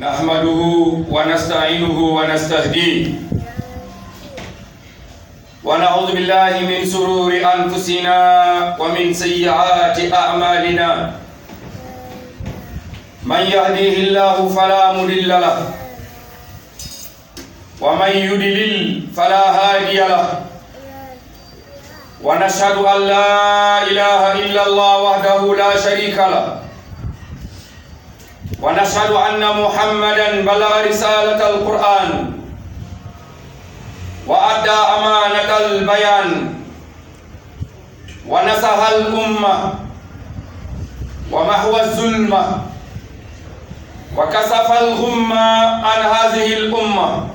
نحمده ونستعينه ونستهديه ونعوذ بالله من سرور أنفسنا ومن سيئات أعمالنا من يهديه الله فلا مضل له ومن يضلل فلا هادي له ونشهد أن لا إله إلا الله وحده لا شريك له ونشهد أن محمدا بلغ رسالة القرآن وأدى أمانة البيان ونصح الأمة ومحو الظلم وكشف الغمة عن هذه الأمة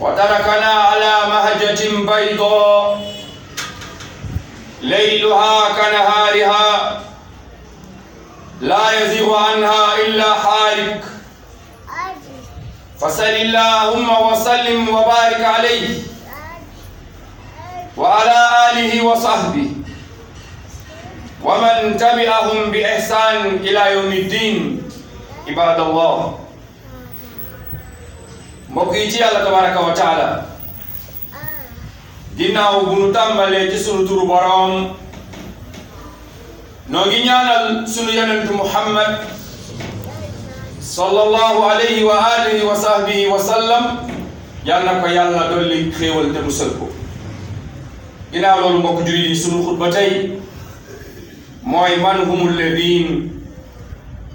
وتركنا على مهجة بيضاء ليلها كنهارها laa yazigu anha illa xaalik fa sali allahumma wa sallim wa barik alayhi wa ala alihi wa sahbihi wa man tabi'ahum bi ihsan ila yawmi din ibadallah mbokk yi ci yàlla tabaraka wa taala ginnaaw bu nu tàmbalee ci sunu turu boroom noo ngi ñaanal sunu yonentu Muhammad sallallahu alayhi wa alihi wa sahbihi wa sallam yal na ko yàlla dolli xéewal te musal ko ginnaaw loolu mbokk juri sunu xutba mooy man humul ladin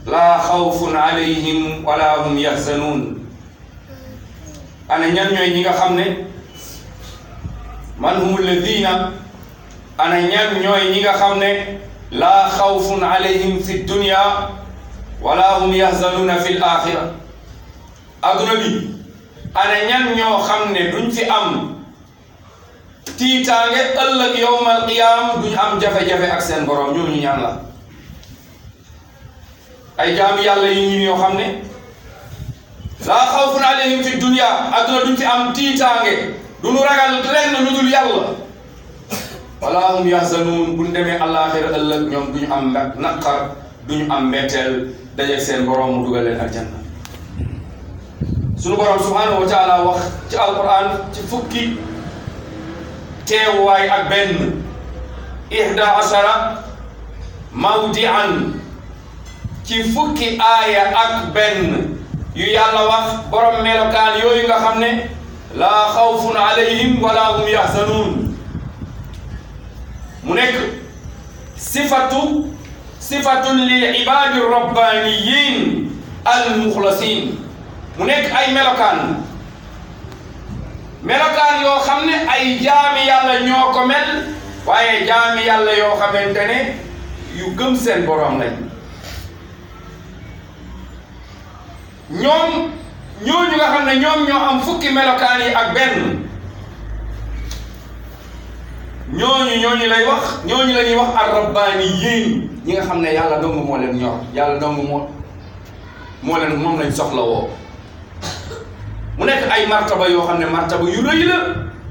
laa xawfun alayhim wala hum yahzanuun ana ñan ñooy ñi nga xam ne man humul ladina ana ñan ñooy ñi nga xam ne laa xawfun alayhim fi dunya wala hum yahzanuuna fi l axira adduna ñan ñoo xam ne duñ fi am tiitaange ëllëg yowmal qiyaam duñ am jafe-jafe ak seen borom ñooñu ñaan ay jaam yàlla yi ñun yoo xam ne laa xawfun alayhim fi dunya adduna duñ fi am tiitaange duñu ragal lenn lu dul yàlla wala hum yahzanuun buñ demee àllaaxira ëllëg ñoom duñu am naqar duñu am mbetteel dajeeg seen borom mu dugal leen aljanna suñu borom subhaanahu wa wax ci alquran ci fukki teewaay ak benn ihda asara mawdian ci fukki aaya ak benn yu yàlla wax borom melokaan yooyu nga xam ne laa xawfun alayhim wala hum yahzanuun mu nekk sifatu sifatun lil ibaadi rabbaniyin al mu nekk ay melokaan melokaan yoo xam ne ay jaami yàlla ñoo ko mel waaye jaami yàlla yoo xamante ne yu gëm seen boroom lañ ñoom ñooñu nga xam ne ñoom ñoo am fukki melokaan yi ak benn ñooñu ñooñu lay wax ñooñu la ñuy wax ak rabbaani yéen ñi nga xam ne yàlla dong moo leen ñor yàlla dong moo moo leen moom lañ soxla woo mu nekk ay martaba yoo xam ne martaba yu rëy la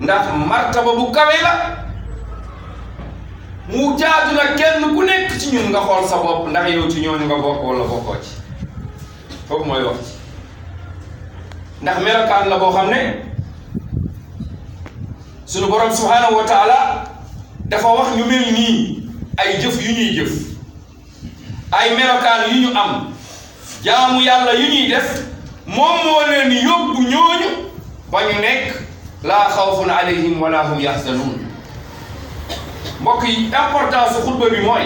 ndax martaba bu kawe la mu jaadu na kenn ku nekk ci ñun nga xool sa bopp ndax yow ci ñooñu nga bokk wala bokkoo ci foofu mooy wax ci ndax melokaan la boo xam ne suñu borom subhanahu wa dafa wax ñu mel nii ay jëf yu ñuy jëf ay melokaan yu ñu am jaamu yàlla yu ñuy def moom moo leen yóbbu ñooñu ba ñu nekk laa xawfun alayhim wala hum yaxzanuun mbokk yi importance su xutba bi mooy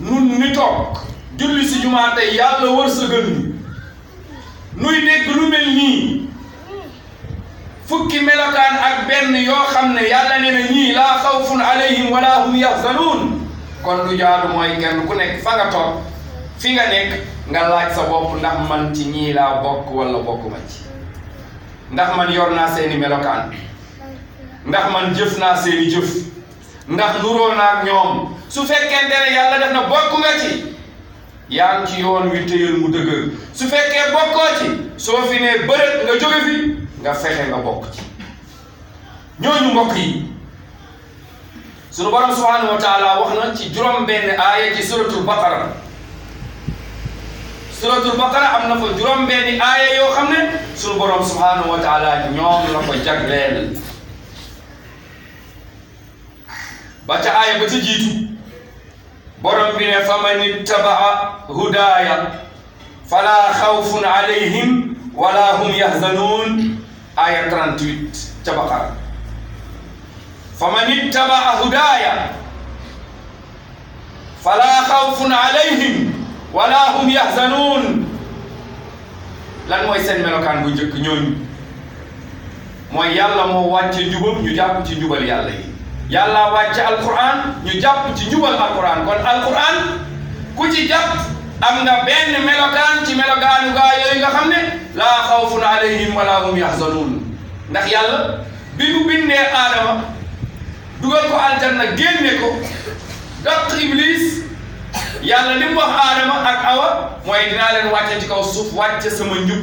nun ni toog julli si jumaa tey yàlla wërsëgal ñu nuy dégg lu mel nii fukki melokaan ak benn yoo xam ne yàlla nee na ñii laa xawfun alayhim wala hum yahzanuun kon lu jaadu mooy kenn ku nekk fa nga toog fi nga nekk nga laaj sa bopp ndax man ci ñii laa bokk wala bokkuma ci ndax man yor naa seeni melokaan ndax man jëf naa seeni jëf ndax nuróo naa ak ñoom su fekkente ne yàlla def na bokk nga ci yaa ngi ci yoon wi téyal mu dëgër su fekkee bokkoo ci soo fi nee bërët nga jóge fi nga fexe nga bokk ci ñooñu mbokk sunu borom subhanahu wa wax na ci juróom-benn aaya ci baqara suratul baqara am na juróom-benn aaya yoo xam ne sunu borom subhanahu wa ñoom la ko jagleel ba ca jiitu borom bi ne faman ittabaa hudaaya fala xawfun alayhim wala hum yahzanuun aya 38 ca Baqara faman ittabaa hudaaya fala xawfun alayhim wala hum yahzanuun lan mooy seen melokaan bu njëkk ñooñu mooy yàlla moo wàcce njubam ñu jàpp ci njubal yàlla yi yàlla wàcce alquran ñu jàpp ci njubal alquran kon alquran ku ci jàpp am nga benn melokaan ci melokaanu gaa yooyu nga xam ne laa xawfun alayhim wala hum yahzanuun ndax yàlla bi mu bindee aadama dugal ko aljanna génne ko dàq iblis yàlla li mu wax ak awa mooy dinaa leen wàcce ci kaw suuf wàcce sama njub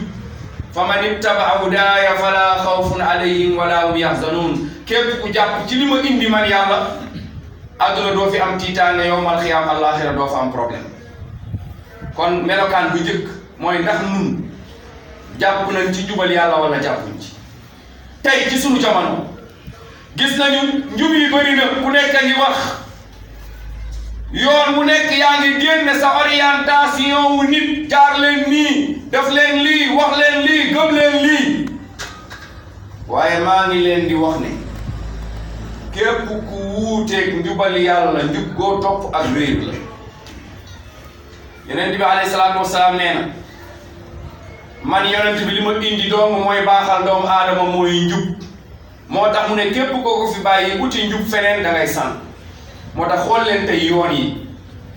fa man ittabaa hudaaya fala xawfun alayhim wala hum yahzanuun képp ku jàpp ci li ma indi man yàlla àdduna doo fi am tiitaange yowmal xiyaam àllaaxira doo fa am problème kon melokaan bu jëkk mooy ndax nun jàpp nañ ci jubal yàlla wala jàppuñ ci tey ci sunu jamono gis nañu njub yi bëri na ku nekk a ngi wax yoon bu nekk yaa ngi génne sa orientation wu nit jaar leen nii def leen lii wax leen lii gëm leen lii waaye maa ngi leen di wax ne képp ku wuuteeg njubal yàlla njub goo topp ak réer la yeneen bi alayhi salaatu wasalaam nee na man yonent bi li ma indi doomu mooy baaxal doomu aadama mooy njub moo tax mu ne képp koo ko fi bàyyi uti njub feneen da ngay moo tax xool leen yi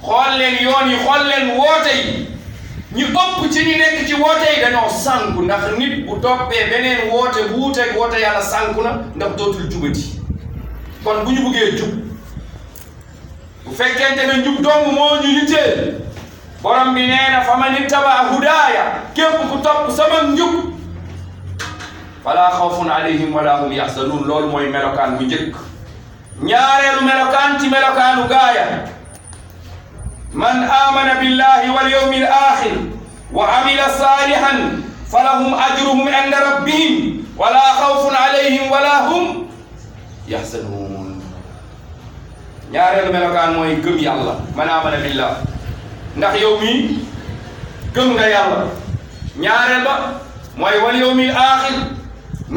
xool leen yoon yi xool leen woote yi ñu ëpp ci ñu nekk ci woote yi dañoo sànku ndax nit bu toppee beneen woote bu wuuteeg woote yàlla sànku na ndax dootul jubati kon bu ñu bëggee jub bu fekkente ne njub doomu moo ñu borom bi nee na fa man ittabaa hudaaya képp ku topp sama njub fala xawfun alayhim wala hum yaxzanuun loolu mooy melokaan bu njëkk ñaareelu melokaan ci melokaanu gaaya man amana billahi wal yawmil axir wa amila salihan falahum ajruhum inda rabbihim wala xawfun alayhim wala hum yaxzanuun ñaareelu melokaan mooy gëm yàlla man amana billah ndax yow mii gëm nga yàlla ñaareel ba mooy wal yow mil aaxir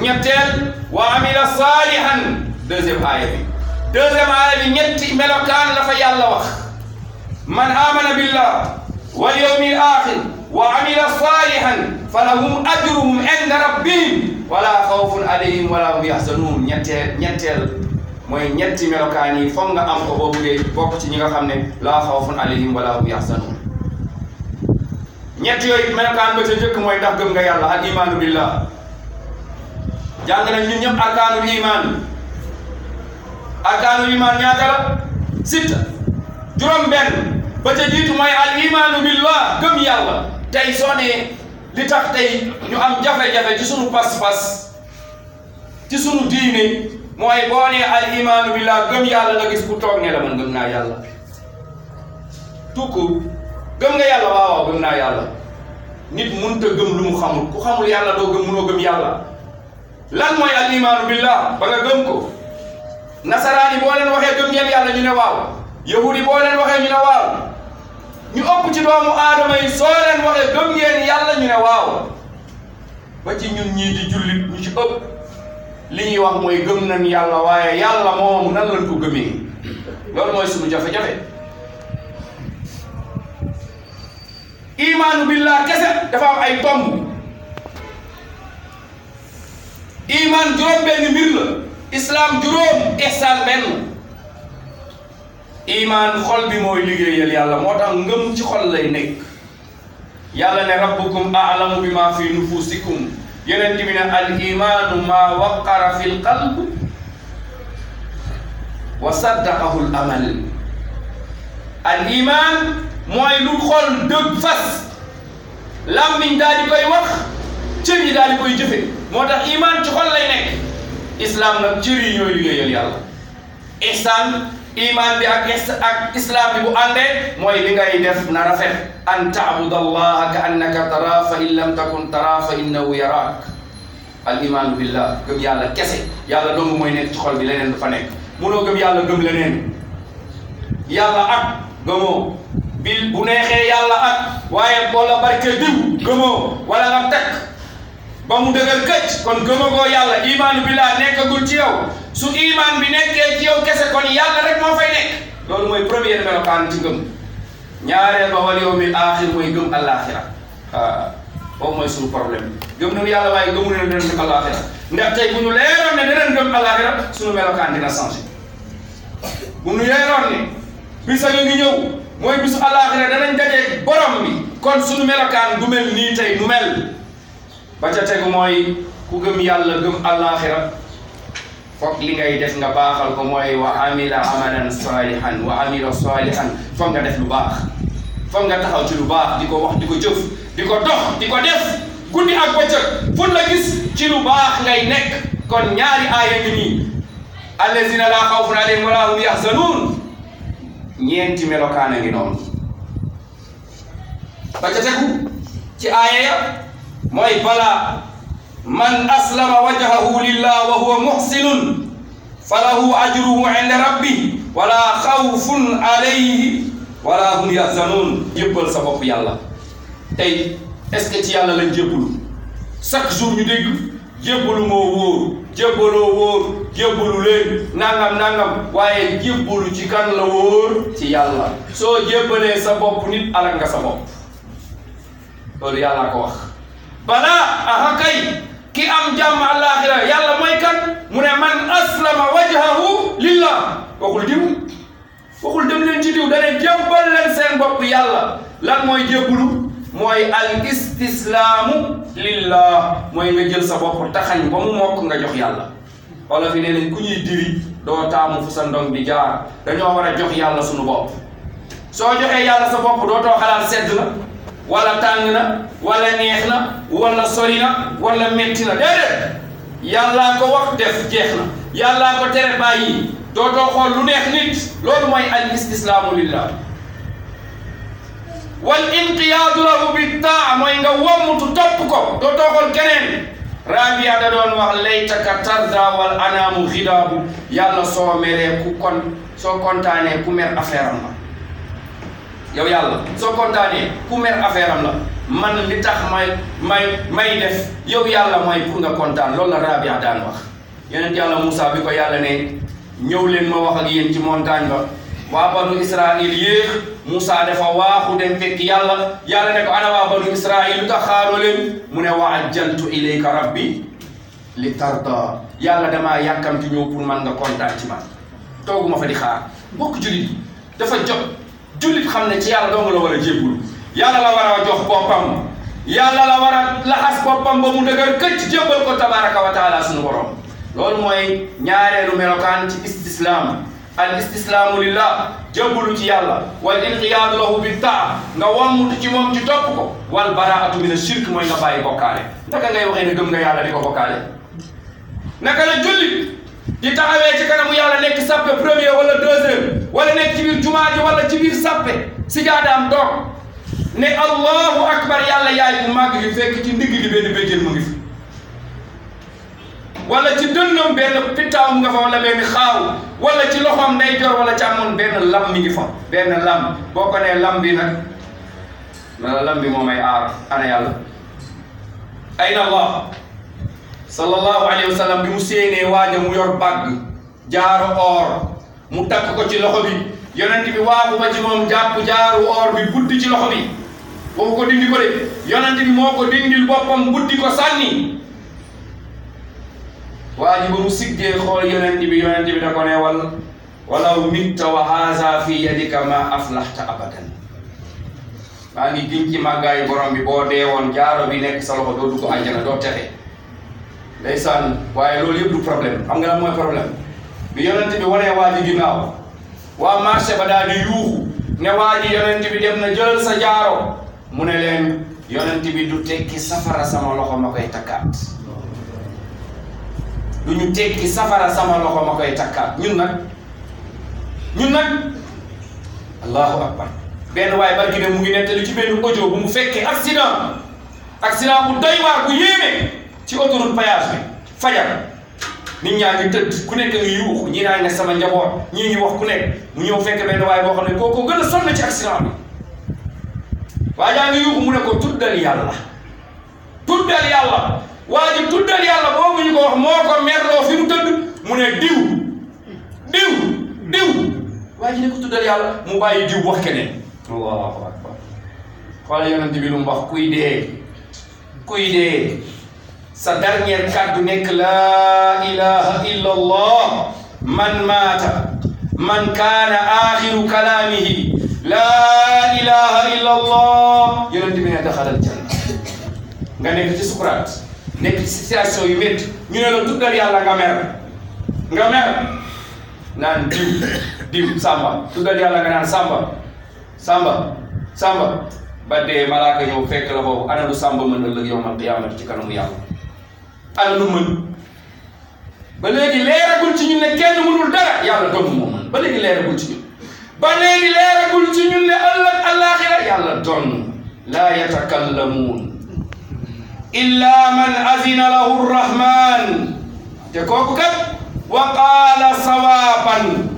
ñetteel wa amila saalihan deuxième aaya bi deuxième aaya bi ñetti melokaan la fa yàlla wax man amana billah wal yawmil aaxir wa amila saalihan falahum ajruhum inda rabbihim wala xawfun alayhim wala hum yaxzanuun ñetteel ñetteel mooy ñetti melokaan yi foog nga am ko boo buggee bokk ci ñi nga xam ne laa xawfun alayhim wala hum yaxsanun ñett yooyu melokaan ba ca njëkk mooy ndax gëm nga yàlla al imaanu billah jàng nañ ñun ñëpp arkaanul imaan arkaanul imaan ñaata la sitta juróom benn ba ca mooy al imaanu billah gëm yàlla tey soo li tax tey ñu am jafe-jafe ci sunu pas-pas ci sunu diine mooy boo nee al imaanu billah gëm yàlla nga gis ku toog ne la gëm naa yàlla tukku gëm nga yàlla waaw waaw gëm naa yàlla nit mënut a gëm lu mu xamul ku xamul yàlla doo gëm mënoo gëm yàlla lan mooy al imaanu billah ba nga gëm ko nasaraan yi waxee gëm ngeen yàlla ñu ne waaw yahudi yi boo waxee ñu ne waaw ñu ëpp ci doomu aadama yi soo leen waxee gëm ngeen yàlla ñu ne waaw ba ci ñun ñii di jullit ñu ci ëpp li ñuy wax mooy gëm nañ yàlla waaye yàlla moomu nan lañ ko gëmee loolu mooy suñu jafe-jafe imaanu billah kese dafa am ay tomb imaan juróom benn mbir islaam juróom ihsaan benn imaan xol bi mooy liggéeyal yàlla moo tax ngëm ci xol lay nekk yàlla ne rabbukum aalamu bi ma fi nufusikum yonent bi ne al imaanu maa waqara fi l qalb wa saddaqahu l amal al imaan mooy lu xol dëgg fas làmmiñ daal di koy wax cër yi daal di koy jëfe moo tax imaan ci xol lay nekk islam nag cër yi ñooy liggéeyal yàlla ihsaan iman bi ak ak islam bi bu àndee mooy li ngay def na rafet an taabud allah ka annaka tara fa in lam takun tara fa innahu yaraak al imaanu billah gëm yàlla kese yàlla dong mooy nekk ci xol bi leneen du fa nekk munoo gëm yàlla gëm leneen ak gëmoo bil bu neexee yàlla ak waaye boo la barke diw gëmoo wala nga tekk ba mu dëgër këcc kon gëmagoo yàlla imaanu billah nekkagul ci yow su iman bi nekkee ci yow kese kon yàlla rek moo fay nekk loolu mooy premier melokaan ci ngëm ñaareel ba wal yow mi aaxir mooy gëm àllaaxira waaw ah, boobu mooy suñu problème gëm nañu yàlla waaye gëmu nañu dinañ gëm àllaaxira ndax tey bu ñu leeroon ne dinañ gëm àllaaxira suñu melokaan dina changé bu ñu leeroon ne bis a ngi ñëw mooy bisu àllaaxira danañ daje borom bi kon suñu melokaan du mel nii tey du mel ba ca tegu mooy ku gëm yàlla gëm àllaaxira foog li ngay def nga baaxal ko mooy wa amila amalan salihan wa amila salihan foog nga def lu baax foog nga taxaw ci lu baax di ko wax di ko jëf di ko dox di ko def guddi ak bëccëg fu la gis ci lu baax ngay nekk kon ñaari aaya ngi nii allazina laa xawfun alayhim wa laa hum yaxzanuun ñeenti melokaan a ngi noonu ba ca tegu ci aaya ya mooy balaa man aslama wajhahu lillah wa huwa muhsinun falahu ajruhu inda rabbih wala xawfun alayhi wala hum yahzanun jébbal sa bopp yàlla tey est-ce que ci yàlla lañ jébbalu chaque jour ñu dégg jébbalu moo wóor jébbaloo wóor jébbalu leen nangam nangam waaye jébbalu ci kan la wóor ci yàlla soo jébbalee sa bopp nit alal nga sa bopp loolu yàllaa ko wax balaa aha kay ki am jàmm àllaaxira yàlla mooy kan mu ne man aslama wajhahu lillah waxul diw waxul dem leen ci diw dane jébbal leen seen bopp yàlla lan mooy jébbalu mooy al istislaamu lillah mooy nga jël sa bopp taxañ ba mu mokk nga jox yàlla wala fi nee nañ ku ñuy diri doo taamu fu sa ndong bi jaar dañoo war a jox yàlla sunu bopp soo joxee yàlla sa bopp doo too xalaat sedd la wala tàng na wala neex wala sori wala metti na déedéet yàllaa ko wax def jeex na yàllaa lu neex nit loolu mooy al istislaamu lillah wal inqiyaadu lahu bi taa wommutu topp ko keneen Rabia da wax laytaka tarda wal anaamu xidaabu yàlla soo ku kon soo kontaanee ku mer affaire am la yow yàlla soo kontaanee ku mer affaire am la man li tax may may may def yow yàlla may pour nga kontaan loolu la Rabia daan wax yonent yàlla Moussa bi ko yàlla ne ñëw leen ma wax ak yéen ci montagne ba waa banu Israël yéex Moussa dafa waaxu dem fekk yàlla yàlla ne ko ana waa banu Israël lu tax xaaroo mu ne wa ajjaltu ilayka rabbi li tarda yàlla damaa yàkkamti ñëw pour man nga kontaan ci man tooguma fa di xaar bokk julit dafa jot jullit xam ne ci yàlla dong la war a jébbul yàlla la war a jox boppam yàlla la war a laxas boppam ba mu dëgër këcc jébbal ko tabaraka wa taala suñu borom loolu mooy ñaareelu melokaan ci istislaam al istislaamu lillah jébbalu ci yàlla wal inqiyaadu lahu bi taa nga wammutu ci moom ci topp ko wal baraatu min ashirk mooy nga bàyyi bokkaale naka ngay waxee ne gëm nga yàlla di ko bokkaale naka la jullit di taxawee ci kanamu yàlla nekk sàppe premier wala deuxième wala nekk ci biir jumaa ji ci biir sàppe si gaadaam doog ne allahu akbar yàlla yaay bu màgg gi fekk ci ndigg gi benn béjjén mu ngi fi wala ci dënnam benn pittaaw mu nga fa wala benn xaaw wala ci loxoom nday jor wala ci amoon benn lam mi ngi fa benn lam boo ko nee lam bi nag lala lam bi moomay aar ana yàlla ayna allah sallallahu alayhi wa sallam bi mu séenee waaja mu yor bàgg jaaru mu takk ko ci loxo bi yonent bi waabu ba ci moom jàpp jaaru or bi buddi bi boobu ko dindi ko de yonent bi moo ko dindil boppam buddi ko sànni waa ji ba mu siggee xool yonent bi yonent bi da mitta wa haza fi yadika ma aflahta abadan maa ngi giñ ci màggaayu borom bi boo jaaro bi nekk sa loxo doo dugg àjjana doo texe ndeysaan waaye loolu yëpp du problème xam nga lan mooy problème bi yonent bi wanee waa ji ginnaaw waa marché ba daal di ne waa ji yonent bi dem na jëlal sa jaaro mu ne leen yonent bi du tekki safara sama loxo ma koy takkaat du ñu tekki safara sama loxo ma koy takkaat ñun nag ñun nag allahu akbar benn waaye barki ne mu ngi nettali ci benn audio bu mu fekkee accident accident bu doy waar bu ci autoroute péage bi fajar nit ñaa ngi tëdd ku nekk ngi yuux ñii naa ne sama njaboot ñii ngi wax ku nekk mu ñëw fekk benn waaye boo xam kooku gën a sonn ci accident bi waa jaa ngi yuuxu mu ne ko tuddal yàlla tuddal yàlla waa ji tuddal yàlla boobu ñu mu bàyyi diw wax keneen allahu akbar xool yonent bi lu mu wax kuy dee kuy dee sa dernière kàddu nekk laa ilaha illa allah man maata man kaana axiru kalaamihi laa ilaha illa allah yonent bi daxalal janna nga nekk ci sukuraat nekk ci situation yu métti ñu ne la tuddal yàlla nga mer nga mer naan diw diw samba tuddal yàlla nga naan samba samba samba ba dee malaaka fekk la foofu ana lu samba mën ëllëg yow man qiyaamati ci kanamu yàlla ana lu mën ba léegi leeragul ci ñun ne kenn mënul dara yàlla dong moo mën ba léegi leeragul ci ñun ba léegi leeragul ci ñun ne ëllëg àllaaxira yàlla dong laa yatakallamuun illa man azina lahu rahman te kooku kat wa qaala sawaban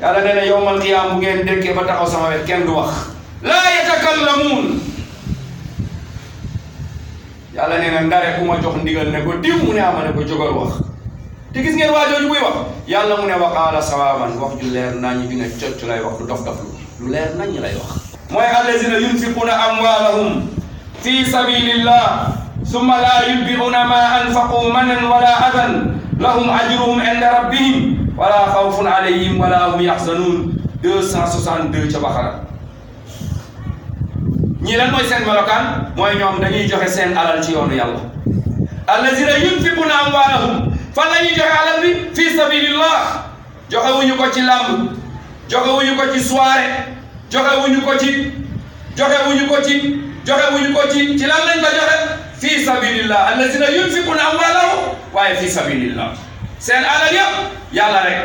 yàlla nee na yowmal qiyaam bu ngeen dékkee ba taxaw sama wet kenn du wax laa yatakallamuun yàlla nee na ndare ku ma jox ndigal ne ko diw mu ne ama ah ne ko jógal wax te gis ngeen waa jooju muy wax yàlla mu ne waxaala sawaaban wax ju leer nañu ju ne cocc lay wax du dof dof lu leer nañu lay wax mooy allazina yunfiquuna amwaalahum fi sabilillah summa laa yutbi'uuna maa anfaqu manan wala adan lahum ajruhum inda rabbihim wala xawfun alayhim wala hum yaxzanuun 262 ca Baxara ñii lan mooy seen melokaan mooy ñoom dañuy joxe seen alal ci yoonu yàlla allazina yunfiquna amwaalahum fan la ñuy joxe alal bi fii sabilillah joxewuñu ko ci làmb joxewuñu ko ci soirée joxewuñu ko ci joxewuñu ko ci joxewuñu ko ci ci lan lañ ko joxe fii sabilillah allazina yunfiquna amwaalahum waaye fii sabilillah seen alal yëpp yàlla rek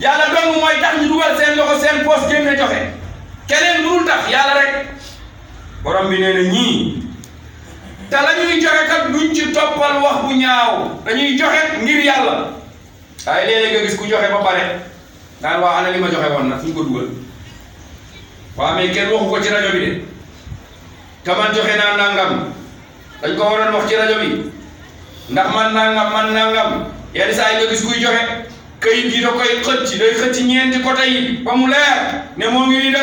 yàlla dong mooy tax ñu dugal seen loxo seen poos génne joxe keneen mënul tax rek borom bi nee na ñii te la ñuy joxe kat duñ ci toppal wax bu ñaaw dañuy joxe ngir yàlla waaye léeg-léeg nga gis ku joxe ba pare naan waa ana li ma joxe woon nag fu ñu ko dugal waa mais kenn waxu ko ci rajo bi de te man joxe naa nangam dañ ko waroon wax ci rajo bi ndax man nangam man nangam yenn saa yi nga gis kuy joxe këyit yi da koy xëcc day xëcc ñeenti côté yi ba mu leer ne moo ngi nii de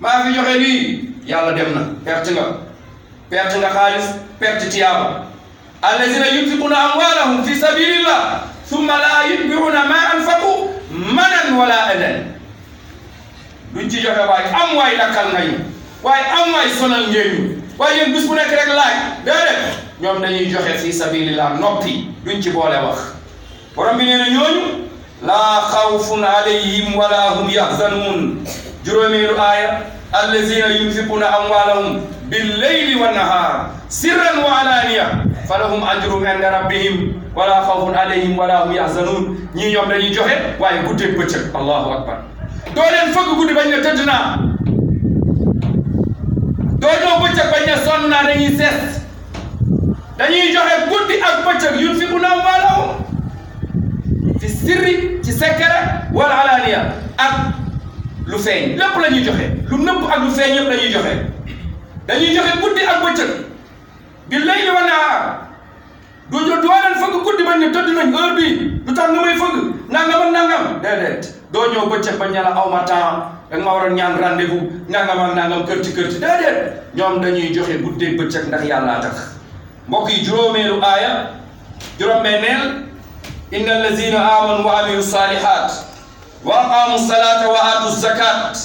maa fi joxe yàlla dem na perte nga perte nga xaalis perte tiyaaba allazina yunfiquna amwalahum fi sabilillah summa la yutbiuna ma anfaqu manan wala adan duñ ci joxe waaye am waay dakkal nga ñu waaye am waay sonal ngeen ñu waaye yéen bis bu nekk rek laaj déedéet ñoom dañuy joxe fi sabilillah noppi duñ ci boole wax borom bi nee na ñooñu laa xawfun alayhim wala hum yahzanuun juróomeelu aaya allazina yunfiquna amwalahum billayli wannahar sirran wa alaniya falahum ajrum inda rabbihim wala xawfun alayhim wala hum yahzanun ñii ñoom dañuy joxe waaye guddeeg bëccëg allahu akbar doo leen fëgg guddi bañ ne tëdd naa doo ñëw bëccëg bañ ne sonn naa dañuy sees dañuy joxe guddi ak bëccëg yunfiquna amwalahum fi sirri ci secret wala alaniya ak lu feeñ lépp la ñuy joxe lu nëbb ak lu feeñ yëpp la joxe dañuy joxe guddi ak bëccëg bi lay li wan aa du ñu doo leen fëgg guddi ba ne tëdd nañ heure bii lu tax nga may fëgg nangam ak nangam déedéet doo ñëw bëccëg ba ñala aw ma temps danga ma waroon ñaan rendez-vous nangam ak nangam kër ci kër ci déedéet ñoom dañuy joxe guddi bëccëg ndax yàllaa tax mbokk yi juróomeelu aaya juróom-benneel inna allazina amanu wa amilu salihat wa aqaamu salaata wa aatu zakaat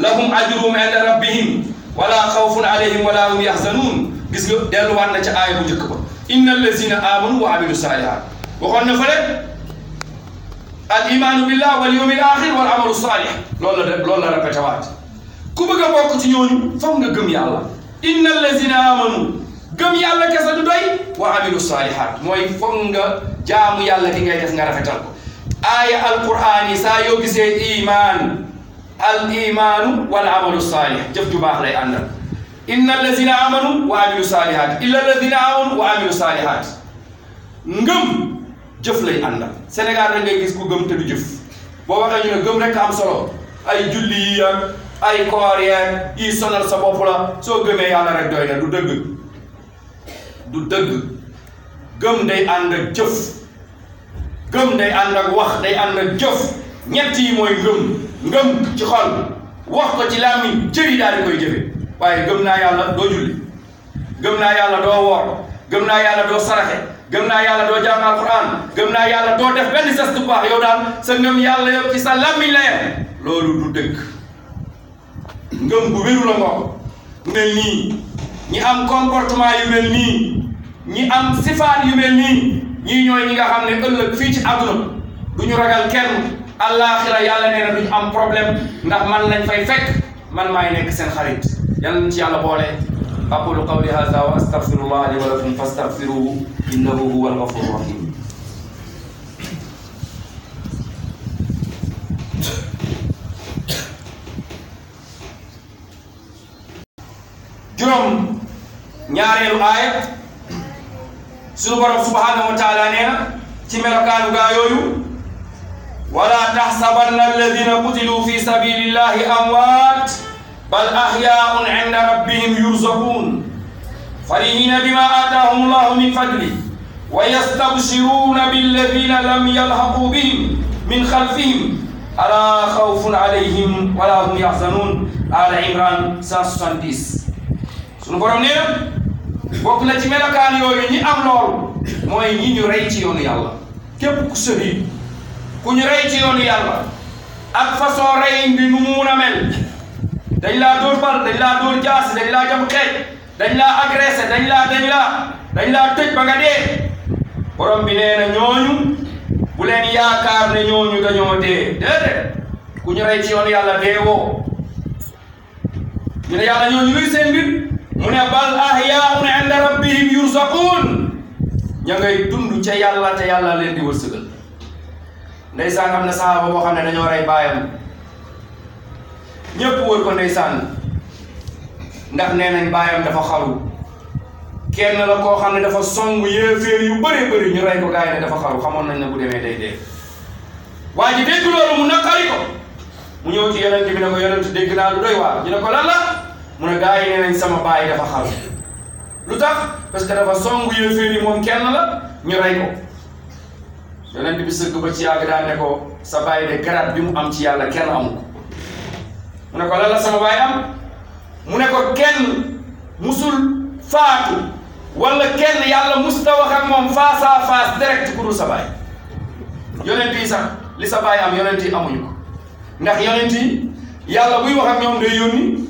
lahum ajruhum inda rabbihim wala xawfun alayhim wala hum yaxzanuun gis nga delluwaat na ca aaya bu njëkk ba inna allazina amanu wa amilu saalihaat waxoon na fa rek al imaanu billah wal yawmil axir wal amalu saalih ku bëgg a bokk ci ñooñu foog nga gëm yàlla inna allazina amanu gëm yàlla kese du mooy foog nga jaamu yàlla ki ngay def nga rafetal aaya alquraan yi saa yoo gisee imaan al imaanu wal amalu saalih jëf ju baax lay àndal inna allazina amanu wa amilu saalihaat illa allazina amanu wa amilu saalihaat ngëm jëf lay àndal Sénégal da gis ku gëm te du jëf boo waxee ñu ne gëm rek am solo ay julli yi ak ay koor yeeg yi sonal sa la soo gëmee yàlla rek doy na du dëgg day ànd jëf gëm day ànd ak wax day ànd ak jëf ñett yi mooy ngëm ngëm ci xol wax ko ci làmmiñ cër yi daal koy jëfe waaye gëm naa yàlla doo julli gëm naa yàlla doo woor gëm naa yàlla doo saraxe gëm naa yàlla doo jàng alquran gëm naa yàlla doo def benn geste bu baax yow daal sa ngëm yàlla yëpp ci sa làmmiñ la yem loolu du dëgg ngëm bu wéru la ngoog mel nii ñi am comportement yu mel nii ñi am sifaat yu mel nii ñii ñooy nga xam ne ëllëg fii ci àdduna du ñu ragal kenn àllaaxira yàlla nee na du ñu am problème ndax man lañ fay fekk man maay nekk seen xarit yàlla nañ ci yàlla boole aqulu qawli hada wa astaghfirullah li wa lakum fastaghfiruhu innahu huwa alghafuru rahim juróom ñaareelu suñu borom subhanahu wa taala nee na ci melokaanu gaa yooyu wala taxsabanna alladina qutilu fi sabilillahi amwaat bal ahyaun inda rabbihim yurzaqun farihina bima aatahum allahu min fadli wa yastabshiruna billadina lam yalhaqu bihim min xalfihim ala xawfun alayhim wala hum yaxzanun ala imran 170 suñu borom nee na bokk na ci melokaan yooyu ñi am loolu mooy ñi ñu rey ci yoonu yàlla képp ku sëriñ ku ñu rey ci yoonu yàlla ak façon rey bi nu mu mun a mel dañ laa dóor bal dañ laa dóor jaasi dañ laa jam xeej dañ laa agressé dañ laa dañ laa dañ laa tëj ba nga dee borom bi nee na ñooñu bu leen yaakaar ne ñooñu dañoo dee déedéet ku ñu rey ci yoonu yàlla deewoo ñu ne yàlla ñooñu luy seen mbir mu ne bal ahyaun inda rabbihim yurzaqun ña ngay dund ca yàlla ca yàlla leen di wërsëgal ndeysaan am na saxaaba boo xam ne dañoo rey baayam ñëpp wër ko ndeysaan ndax nee nañ baayam dafa xaru kenn la koo xam ne dafa song yéeféer yu bëri bëri ñu rey ko gars yi dafa xaru xamoon nañ ne bu demee day dee waa ji dégg loolu mu naqari ko mu ñëw ci yonent bi ne ko yonent dégg naa lu doy waar ñu ne ko lan mu ne gars yi sama baay dafa xaru lu tax parce que dafa song yéeféer yi moom kenn la ñu rey ko yonent bi sëgg ba ci yàgg daa ko sa baay de garab bi mu am ci yàlla kenn amu ko mu ne ko lan la sama baay am mu ne ko kenn musul faatu wala kenn yàlla musta wax ak moom face à face direct ku dul sa baay yonent yi sax li sa baay am yonent yi amuñu ndax yonent yi yàlla buy wax ak ñoom day yónni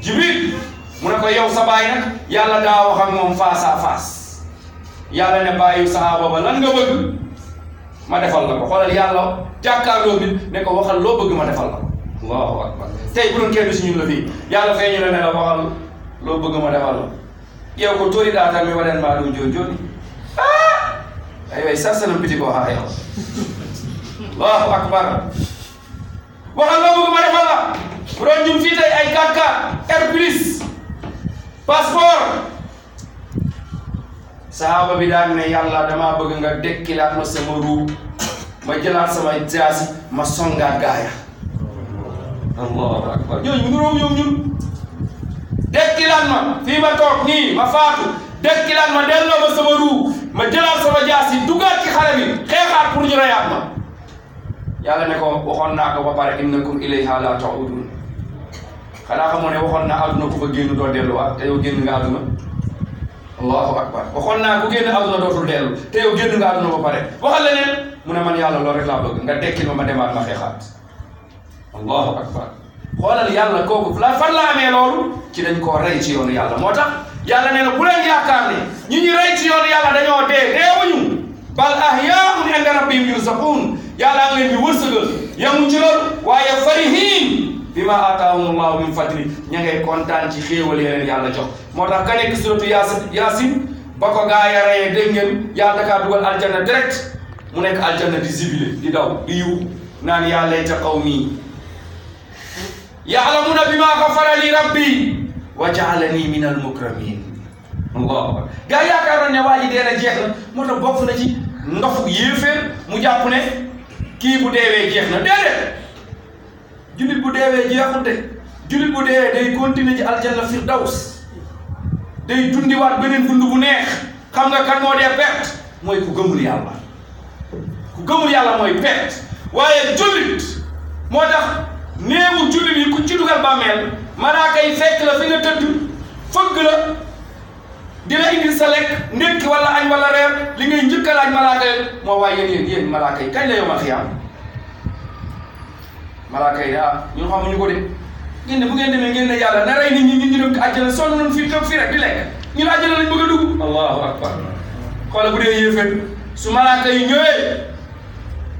jibril mu ko yow sa baay nag yàlla daa wax ak moom face à face yàlla ne bàyyi sahaaba ba lan nga bëgg ma defal la ko xoolal yàlla jàkkaarloo nit ne ko waxal loo bëgg ma defal la ko allahu akbar tey bu doon kenn si ñun la fii yàlla fee ñu la ne la waxal loo bëgg ma defal la yow ko tóori daata mi waɗen ma ɗum joni joni ah! ay way sarsanam piti ko haa yow allahu akbar waxal loo bëgg ma defal la ron ñun fii tey ay 4x4 R bi daan ne yàlla damaa bëgg nga dekkilaat ma sama ruu ma jëlaat sama jaasi ma songaat gaaya allahu akbar ñooñu ñu toog nii ma faatu dekkilaat ma delloo ma sama ruu ma jëlaat sama jaasi dugaat ci xare bi xeexaat pour ñu reyaat ma yàlla ne ko waxoon naa ko ba pare innakum ilayha la taudun xanaa xamoo ne waxoon naa àdduna ku fa génn doo delluwaat te yow génn nga àdduna allahu akbar waxoon naa ku génn àdduna dootul dellu te yow génn nga àdduna pare waxal leneen mu ne man yàlla loolu rek laa bëgg nga dekkil ma ma demaat ma xeexaat allahu akbar xoolal yàlla kooku la fan la amee loolu ci dañ ko rey ci yoonu yàlla moo tax yàlla nee na bu leen yaakaar ni ñu ñu rey ci yoonu a dañoo dee deewuñu bal ahyaaun inda rabbihim yurzaquun yàlla ngi leen di wërsëgal yamu ci loolu bi ma aataahumullaahu min fadli ña ngay kontaan ci xéewal yeneen yàlla jox moo tax ka nekk suratu yaasin ba ko gaa ya reyee dégg ngeen yàlla dugal aljanna direct mu nekk aljanna di zibile di daw di yiw naan yaa layta qawmi ya'lamuuna bimaa ghafara li rabbi wa ja'alanii min al-mukramiin allahu akbar gaa yaakaaroon ne waa dee na jeex na moo tax bokk na ci ndofu yéeféer mu jàpp ne kii bu deewee jeex na déedéet jullit bu deewee jeexut de jullit bu deewee day continuer ci aljanna firdaws day dundiwaat beneen dund bu neex xam nga kan moo dee perte mooy ku gëmul yàlla ku gëmul yàlla mooy pet waaye jullit moo tax néewu jullit yi ku ci dugal bàmmeel malaaka yi fekk la fi nga tëdd fëgg la di la indil sa lekk ndékki wala añ wala reer li ngay njëkk a laaj malaaka yi moo waaye yéen yéen yéen malaaka yi kañ la yomal xiyaam malaaka yi ah ñun xamuñu ko de ngeen ne bu ngeen demee ngeen ne yàlla na rey nit ñi ñu dem àjjana sonn nañ fii toog fii rek di lekk ñun àjjana a dugg allahu akbar xoola bu dee yéeféen su malaaka yi ñëwee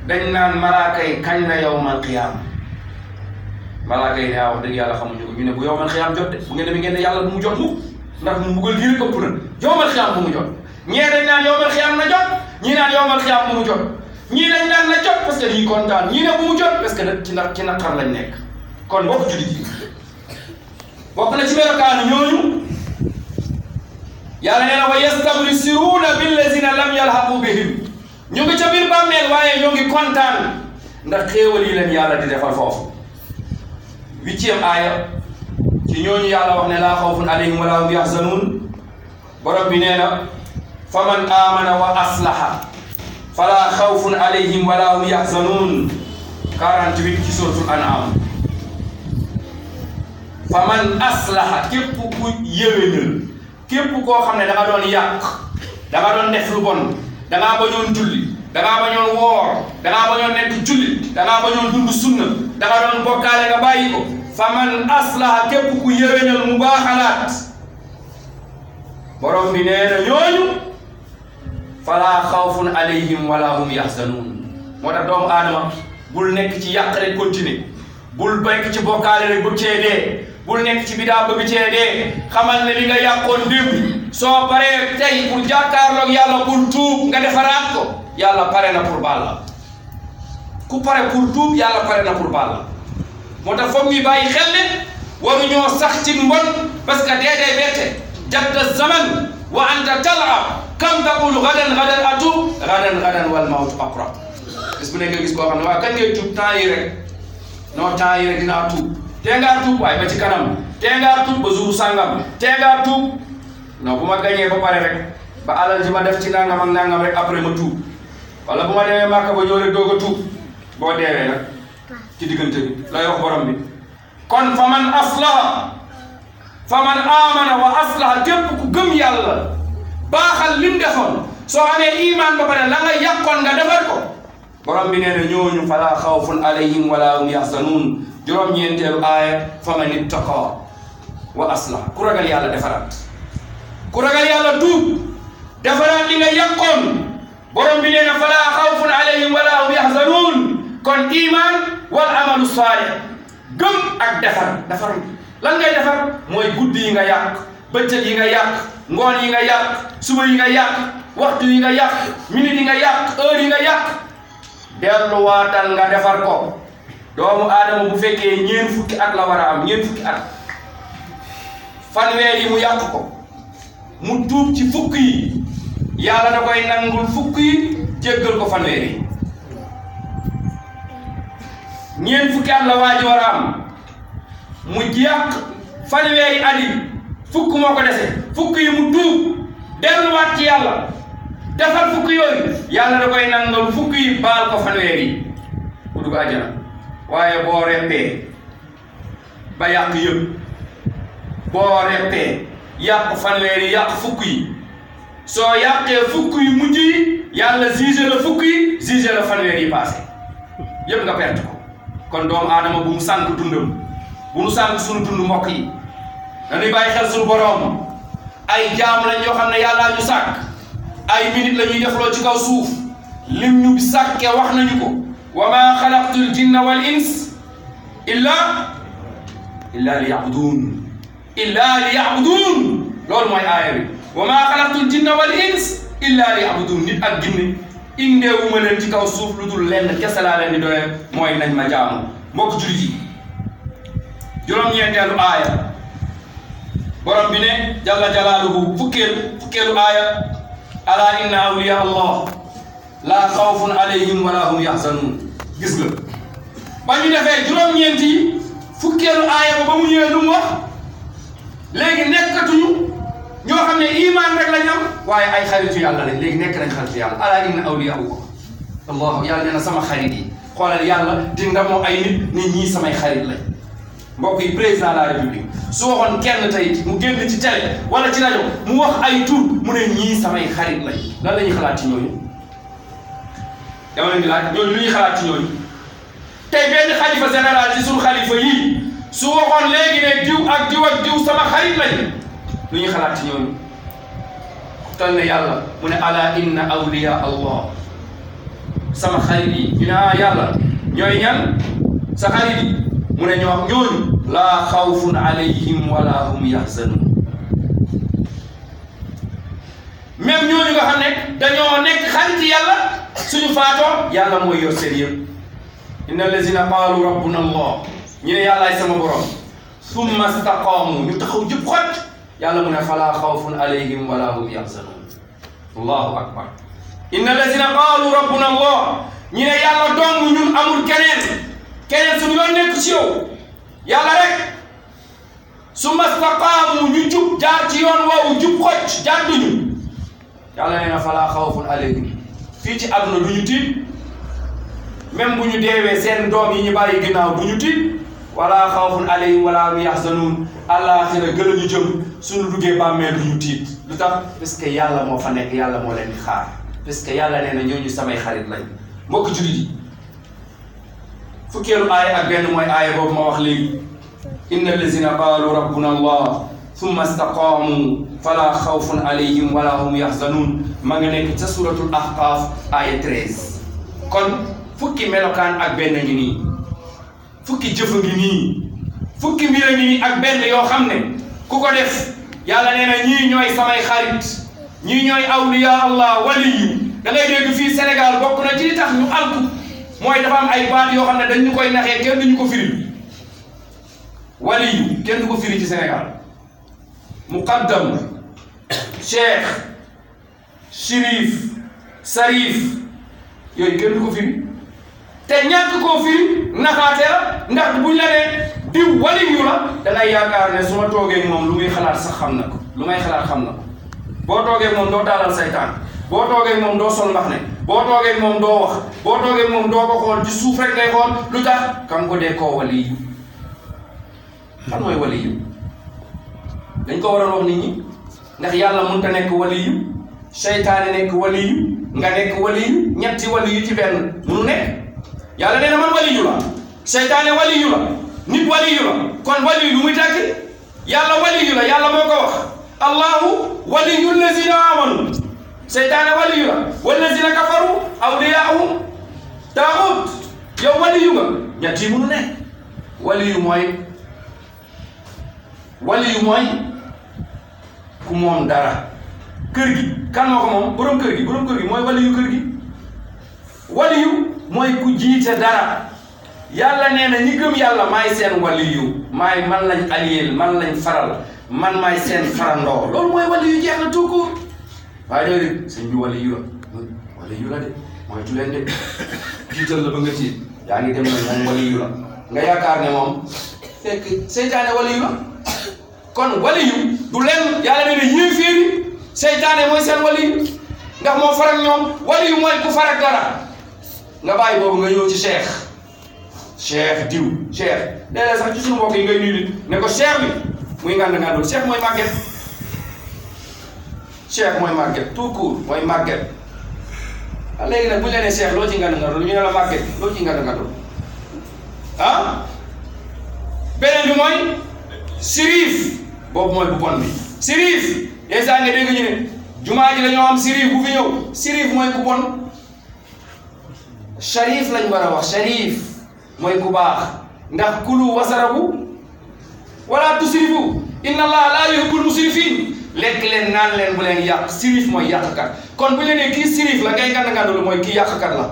dañ naan malaaka yi kañ na yawmal qiyaam malaaka yi ne ah, wax dëgg yàlla ne bu yawmal qiyaam de bu ngeen yàlla bu mu jot mu ndax mu mbugal gi rek ëpp na yawmal qiyaam bu mu jot ñee dañ naan yawmal qiyaam na jot ñii naan yawmal qiyaam bu mu jot ñii dañ daan na jot parce que dañuy kontaan ñii ne bu mu jot parce que ci na ci naqar lañ nekk kon bokk jullit yi na ci melokaanu ñooñu yàlla nee na wa yastabshiruuna billazina lam yalhaqu bihim ñu ngi ca biir bàmmeel waaye ñoo ngi kontaan ndax xéewal yi leen yàlla di defal foofu huitième aaya ci ñooñu yàlla wax ne laa xawfun alayhim wala hum yaxzanuun borom bi nee na faman amana wa aslaha fala xawfun alayhim wala hum yaxzanuun 48 ci suratul an'am fa man aslaha képp ku yéwénal képp koo xam ne da doon yàq da doon def lu bon da julli da ngaa woor da ngaa bañoon julli da ngaa bañoon sunna da doon bokkaale nga bàyyi ko fa man aslaha képp ku yéwénal mu baaxalaat borom bi nee na ñooñu fala xawfun alayhim wala hum yaxzanuun moo tax doomu aadama bul nekk ci yàq rek bul béyk ci bokkaale rek bëgg cee bul nekk ci bidaa bëgg cee dee xamal ne li nga yàqoon démb soo paree tey pour jàkkaarloog yàlla pour tuub nga defaraat ko yàlla pare na pour ku pare pour tuub yàlla pare na pour moo tax foog ñuy bàyyi xel ne waruñoo sax ci mbon parce que dee day zaman wa anta talab imaam taqulu gadan nekk gis koo xam ne waaw kañ ngay tuub temps yi ci kanam tee ngaa tuub ba suuf sangam tee ngaa tuub ma ba pare ma def ci nangam ak nangam rek ma tuub wala bu ma demee màkk ba ñëw rek doog a bi lay wax kon fa man aslaha fa man amana wa aslaha képp ku gëm yàlla baaxal lim defoon soo amee iman ba pare la nga yàqoon nga defar ko borom bi nee na ñooñu fala xawfun alayhim wala hum yaxsanuun juróom-ñeenteelu aaya fa man wa aslah ku ragal defaraat ku ragal yàlla tuub defaraat li nga borom bi nee na fala xawfun alayhim wala hum kon iman wal amalu saalih gëm ak defar defar lan defar mooy guddi yi nga yàq bëccëg yi nga yàq ngoon yi nga yàq suba yi nga yàq waxtu yi nga yàq minute yi nga yàq heure yi nga yàq delluwaatal nga defar ko doomu aadama bu fekkee ñeen fukki at la war a fukki at fanweer yi mu mu ji war a am at yi fukk moo ko dese fukk yi mu tuub delluwaat ci yàlla defal fukk yooyu yàlla da koy nangal fukk yi baal ko fanweer yi bu waaye boo reppee ba yàq yëpp boo reppee yàq fanweer yi yàq fukk yi soo yàqee fukk yu mujj yi yàlla jugé la fukk yi jugé la fanweer yi passé yëpp nga perte ko kon doomu aadama bu mu sànk dundam bu sunu dund mbokk yi dañuy bàyyi xel suñu borom ay jaam lañ yoo xam ne yàllaa ñu sàkk ay minute la ñuy defloo ci kaw suuf lim ñu sàkkee wax nañu ko wa ma xalaqtul jinna wal ins illa illa li yabudun illa li yabudun loolu mooy aaya bi wa ma xalaqtul jinna wal ins illa li yabudun nit ak jinne indeewu ma leen ci kaw suuf lu dul lenn kese laa leen di doye mooy nañ ma jaamu mbokk jullit yi juróom-ñeenteelu aaya borom bi ne jalla jalaaluhu fukkeelu fukkeelu aaya ala inna awliya allah laa xawfun alayhim wala hum yaxsanun gis nga ba ñu defee juróom-ñeenti fukkeelu aaya ba ba mu ñëwee lu mu wax léegi ñoo xam ne iman rek lañ am waaye ay xaritu yàlla lañ léegi nekk nañ xaritu yàlla ala inna awliya allah yàlla nee na sama xarit yi xoolal yàlla di ndamoo ay nit nit ñii samay xarit lañ mbokk yi président de la république su waxoon kenn tey mu génn ci télé wala ci rajo mu wax ay tur mu ne ñii samay xarit lañ la la ñuy xalaat ci ñooñu dama a di laaj ñooñu lu ñuy xalaat ci ñooñu tey benn xalifa général ci suñu xalifa yii su waxoon léegi ne diw ak diw ak diw sama xarit lañ lu ñuy xalaat ci ñooñu tal ne yàlla mu ne ala inna awliya allah sama xarit yi ñu ah, yàlla ñooy ñan sa xarit yi mu ne ñooñu laa xawfun alayhim wala hum yahzanun même ñooñu nga xam ne dañoo nekk xarit yàlla suñu faatoo yàlla mooy yor seen yëpp inna allazina qaalu rabbuna allah ñu ne yàllaay sama borom summa staqaamu ñu taxaw jub xott yàlla mu ne falaa xawfun alayhim wala hum yahzanun allahu akbar inna allazina rabbuna allah ñu ne yàlla ñun amul keneen keneen suñu yoon nekk ci yow yàlla rek su mastaqaamu ñu jub jaar ci yoon woowu jub xocc jàdduñu yàlla fii ci àdduna du ñu tiit même bu ñu deewee seen doom yi ñu bàyyi ginnaaw du ñu tiit wala xawfun alayhim wala hum yaxzanuun àllaaxira gën a ñu jëm suñu duggee bàmmeel du ñu tiit lu tax parce que yàlla moo fa nekk yàlla moo leen di xaar parce que yàlla nee na ñooñu samay xarit lañ mbokk jullit yi fukkeelu aaya ak benn mooy aaya boobu ma wax léegi inna allazina rabbuna allah summa staqaamu fala xawfun alayhim wala hum yaxzanuun ma nga nekk ahqaaf aaya 13 kon fukki melokaan ak benn ngi nii fukki jëf ngi nii fukki mbir a ngi nii ak benn yoo xam ne ku ko def yàlla nee na ñii ñooy samay xarit ñii ñooy awliya allah waliyu da ngay dégg fii Sénégal na ci tax ñu alku mooy dafa am ay baat yoo xam ne dañ ñu koy naxee kenn duñu ko firi waliyu kenn du ko firi ci Sénégal muqaddam cheikh shérif sarif yooyu kenn du ko firi te ñàkk koo firi naxaate la ndax buñ la nee diw waliyu la dangay yaakaar ne su ma toogee moom lu muy xalaat sax xam na ko lu may xalaat xam na boo toogee moom doo taalal say tànk boo toogee moom doo sol mbax ne boo toogee moom doo wax boo toogee moom doo ko xool ci suuf rek ngay lu tax kam ko dee koo waliyu xam mooy waliyu dañ ko waroon wax nit ñi ndax yàlla mun a nekk waliyu seytaane nekk waliyu nga nekk waliyu ñetti waliyu ci benn munu nekk yàlla nee na man waliyu la seytaane waliyu la nit waliyu la kon waliyu lu muy tàkki yàlla waliyu la yàlla moo ko wax allahu waliyu lazina amanu ሰይጣን ወልዩ ነው። ወለዚነ ከፈሩ አውልያኡም ጣሁት የው ወልዩ ነው ኛቲሙኑ ነ ወልዩ ሞይ waliyu mooy ku moom dara kër gi kan moo ko moom borom kër gi borom kër gi mooy waliyu kër gi waliyu mooy ku jiite dara yàlla nee na ñi gëm yàlla maay seen waliyu maay man lañ aliyeel man lañ faral man maay seen farandoo loolu mooy waliyu jeex na tuuku waaye danga dégg sëñ bi wala yu wala yu la de moytu leen de jiital la ba nga tiit yaa ngi dem na moom wala yu la nga yaakaar ne moom fekk seytaane wala yu la kon wala yu du leen yàlla nee na yéeféer yi seytaane mooy seen wala yu ndax moo farak ñoom wala yu mooy ku farak dara nga bàyyi boobu nga ñëw ci cheikh cheikh diw cheikh léeg-léeg sax ci suñu mbokk yi ngay nuyu ne ko cheikh bi muy ngànd ngàndul cheikh mooy màgget cheikh mooy màgget tout court mooy màgget léegi nag bu ñu la nee cheikh loo ci ngand ngandul ñu ne la màgget loo ci ngand ngandul ah beneen bi mooy sirif mooy bu bon bi sirif des fois ñu ne jumaa ji dañoo am sirif bu fi ñëw mooy ku bon sharif lañ war a wax sharif mooy ku ndax kulu wasarabu wala tusrifu inna allaha la yuhibbul musrifin lekk leen naan leen bu leen yàq sirif mooy yàqkat kon bu ñu nee kii sirif la ngay ngand ngandulu mooy kii yàqkat la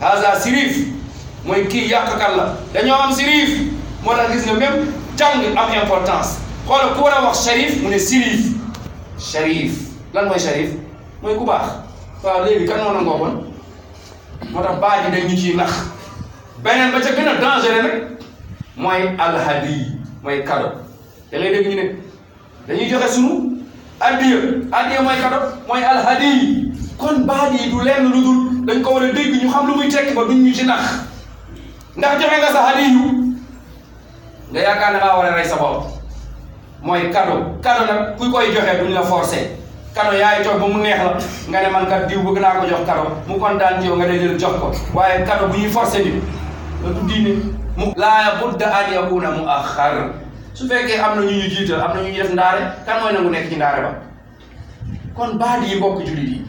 haza sirif mooy kii yàqkat la dañoo am sirif moo tax gis nga même jàng am importance xoolal ku war a wax mu ne sirif sharif lan mooy sharif mooy ku baax waaw léegi kan moo nangoo bon moo tax baat yi dañ ñu ciy nax beneen ba ca a dangereux nag mooy alhadi mooy cadeau da ngay ne dañuy joxe sunu addiya addiya mooy kado mooy alhadi kon baat yi du lenn lu dul dañ ko war a dégg ñu xam lu muy tekki ba duñ ñu ci nax ndax joxe nga sa hadiyu nga yaakaar ne ngaa war a rey sa bopp mooy kado kado nag ku koy joxe duñ la forcer kado yaay toog ba mu neex la nga ne man kat diw bëgg ko jox kado mu kon ci yow nga ne jël jox ko waaye kado bu ñuy forcer nit la du diine mu laa budda an mu axar su fekkee am na ñu ñu jiital am na ñu ñu def ndaare kan mooy nangu nekk ci ndaare ba kon baat yi bokk jullit yi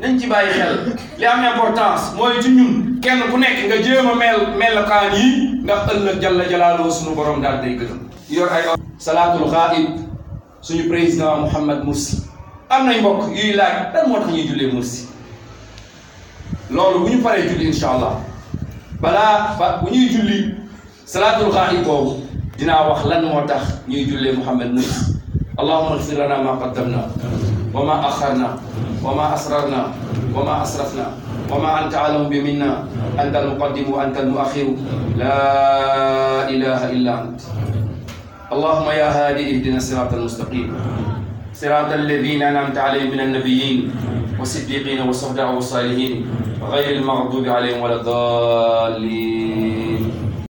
nañ ci bàyyi xel li am importance mooy ci ñun kenn ku nekk nga jéem a mel kaa yi ndax ëllëg jalla jalaaloo suñu borom daal day gërëm yor ay salaatul xaayib suñu président Mouhamed Mursi am nañ mbokk yuy laaj lan moo tax ñuy jullee Mursi loolu bu ñu paree julli incha allah balaa ba bu ñuy julli salaatul xaayib boobu dinaa wax lan moo tax ñuy jullee Muhammad muy allahumma ighfir lana ma qaddamna wa ma axarna wa ma asrarna wa ma asrafna wa ma anta alamu bi minna anta almuqaddimu wa anta almuaxiru laa ilaha illa ant allahumma ya haadi ihdina sirata almustaqim sirata alladina anamta alayhim min annabiyin wa siddiqina wa suhadaa wa salihin غير المغضوب عليهم ولا الضالين